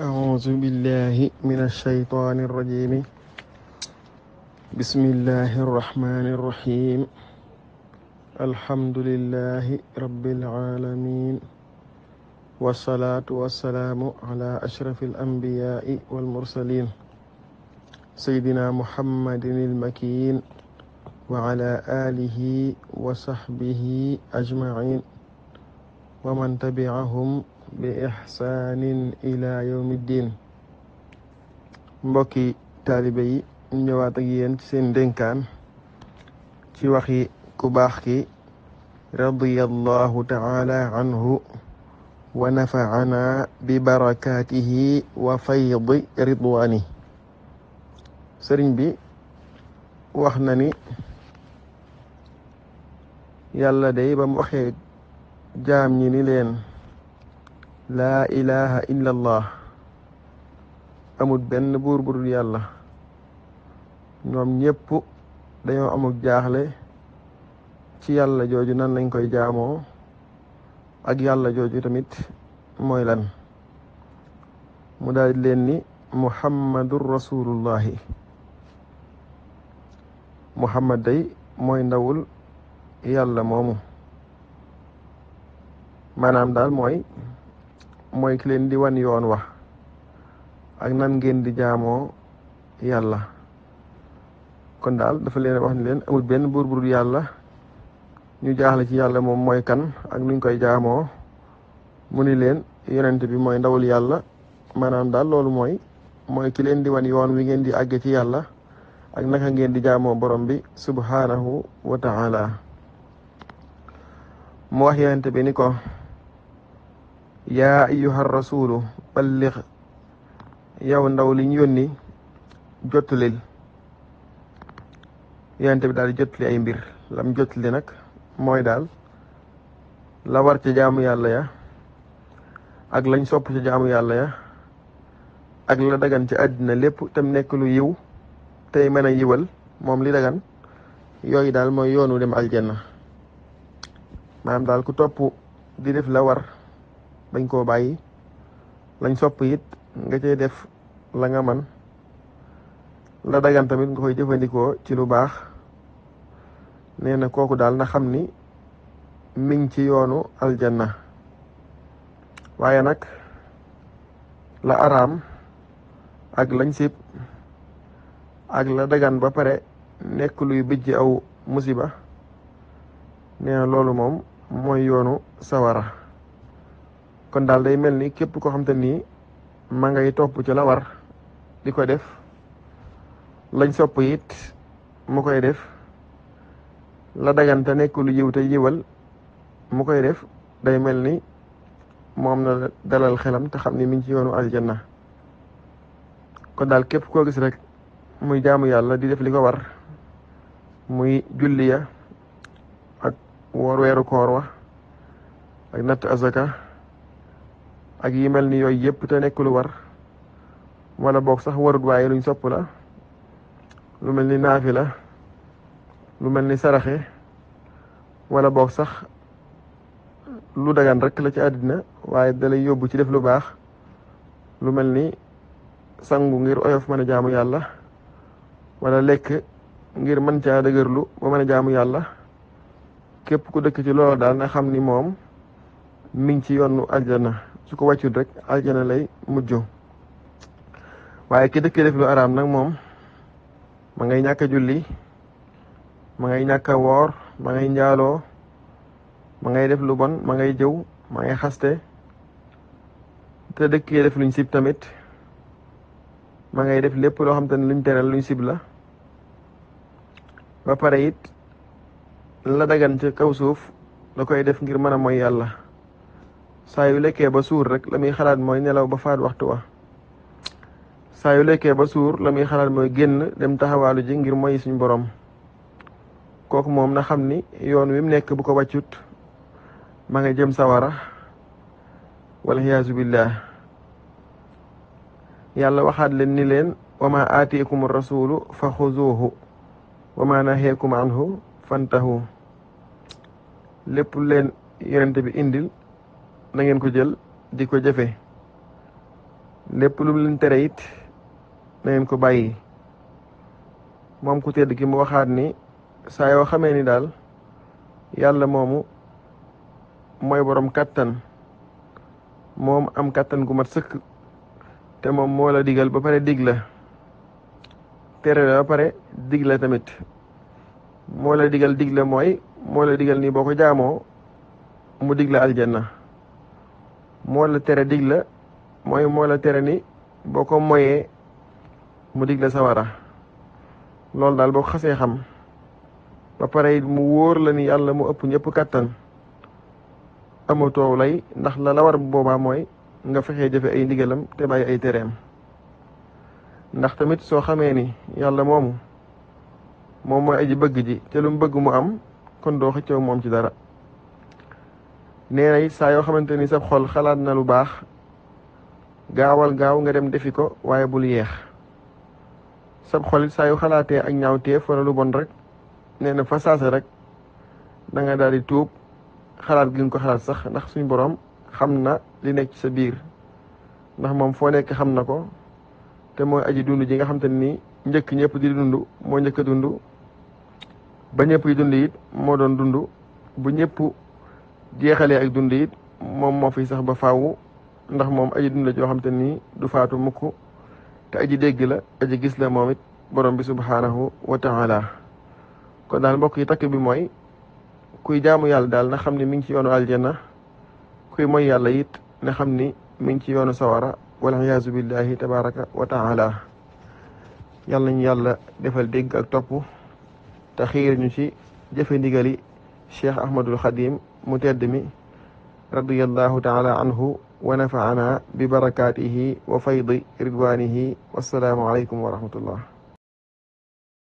أعوذ بالله من الشيطان الرجيم بسم الله الرحمن الرحيم الحمد لله رب العالمين والصلاة والسلام على أشرف الأنبياء والمرسلين سيدنا محمد المكين وعلى آله وصحبه أجمعين ومن تبعهم bi ixsaanin ilaa yawmi diin mbokki taalibe yi ñëwaat ak yéen ci seen dénkaan ci waxi ku baax ki radiyallahu taala anhu wa nafaana bi barakaatihi wa ridwaani sëriñ bi wax nani ni yàlla day ba mu waxee jaam ñi ni leen laa ilaha illa allah amul benn buur bu yàlla ñoom ñépp dañoo amuk jaaxle ci yàlla jooju nan lañ koy jaamoo ak yàlla jooju tamit mooy lan mu daal leen ni muhammadur rasulullahi muhammad day mooy ndawul yàlla moomu maanaam daal mooy mooy ki leen di wan yoon wax ak nan ngeen di jaamoo yàlla kon daal dafa leen wax ni leen amul benn buur buur yàlla ñu jaaxle ci yàlla moom mooy kan ak nuñ koy jaamoo mu ni leen yonent bi mooy ndawul yàlla maanaam daal loolu mooy mooy ki leen di wan yoon wi ngeen di àgge ci yàlla ak naka ngeen di jaamoo borom bi subhaanahu wa ta'ala mu wax yonent bi ni ko yaa ayyuha rasulu balligh yow ndaw liñ yónni jottulil yonente bi daal di ay mbir lam jottuli nag mooy daal la war ca jaamu yàlla ya ak lañ sopp ca jaamu yàlla ya ak la dagan ci àddina lépp tam nekk lu yiw tey mën a moom li dagan yooyu daal mooy yoonu dem aljanna maanaam daal ku topp di def la war dañ ko bayyi lañ sopp it nga def la nga man la dagan tamit nga koy jëfandikoo ci lu baax neena koku dal na xamni ni ci yoonu aljanna waye nak la aram ak lañ sip ak la dagan ba pare nek luy bijji aw musiba neena lolu mom moy yoonu sawara kon daal day mel ni képp koo xam te nii ma ngay topp ci la war di ko def lañ sopp it mu koy def la dagante nekk lu yiw te yiwal mu koy def day mel ni moom na dalal xelam te xam ni mi ngi ci yoonu na kon daal képp koo gis rek muy jaamu yàlla di def li ko war muy julliya ak woor weeru koor wa ak natt azaka ak yi melni yoy yep te nek lu war wala bok sax warut way luñ sopp la lu melni ni la lu melni ni wala bok sax lu dagan rek la ci adina waaye dalay yobbu ci def lu bax lu melni ni sangu ngir oyof man jaamu yalla wala lek ngir man ca degeerlu ba man jaamu yalla kep ku dekk ci lolo dal na xamni ni moom ci yonu aljana suko ko rek aljana lay mujjo waye ki dëkk def lu araam nag moom ma ngay ñaka julli ma ngay ñaka wor ma ngay ndialo ma ngay def lu bon ma ngay jew ma ngay xaste te dëkk def luñ sip tamit ma ngay def lepp lo xam tane luñ teral luñ sip la ba pare it la dagan ci kaw suuf da koy def ngir moy yalla saa yu lekkee ba suur rek la muy xalaat mooy nelaw ba faat waxtu wa saa yu ba suur la xalaat mooy génn dem taxawaalu ji ngir moy suñu borom kooku moom na xam ni yoon wi mu bu ko wàccut ma nga jëm sawara walxiyaasu billah yàlla waxaat leen ni leen wama ma aatiikum rasulu fa xuzuuhu wa ma naheekum anhu fantahu lépp leen yonente bi indil na ngeen ko jël di ko jëfe lépp lu leen tere it na ngeen ko bàyyi moom ku tedd ki mu waxaat ni saa yoo xamee ni daal yàlla moomu mooy borom kàttan moom am kattan gu mat sëkk te moom moo la digal ba pare digla la tere la ba pare digla tamit moo la digal digla la mooy moo la digal ni boo ko jaamoo mu digla aljanna moo la tere dig la mooy moo la tere ni boo ko moyee mu dig la sawara loolu daal boo ko xasee xam ba pare mu wóor la ni yàlla mu ëpp ñëpp kàttan amatoo lay ndax la la war bu boobaa mooy nga fexee jafe ay ndigalam te bàyyi ay tereem ndax tamit soo xamee ni yàlla moomu moom mooy aji bëgg ji te bëgg mu am kon doo xëccoo moom ci dara neena yi sa yo xamanteni sa xol xalaat na lu baax gaawal gaaw nga dem defiko waye bul yeex sa xol sa yo yu ak lu bon rek neena na fa saase rek da nga daal tuup tuub xalaat gi nga ko xalaat sax ndax suñu borom xamna li nekk ci sa biir ndax mom fo nekk xamna ko te moy aji dundu ji nga xamanteni ñeek ñepp di dundu, mo ñeek dundu ba ñepp yi dundu it mo doon dundu bu ñepp jeexale ak dund it moom moo fi sax ba faaw ndax moom aji dund la joo xam te du faatu mukk te aji dégg la aji gis la moom it borom bi subhanahu wa taala kon daal mbokk yi takk bi mooy kuy jaamu yàlla daal na xam ni mi ngi ci yoonu aljanna kuy moy yàlla it na xam ni mi ngi ci yoonu sawara wal billahi tabaraka wa taala yàlla ñu yàlla defal dégg ak topp te xiir ñu ci jëfe ndigali cheikh ahmadul xadim متدمي رضي الله تعالى عنه ونفعنا ببركاته وفيض رضوانه والسلام عليكم ورحمة الله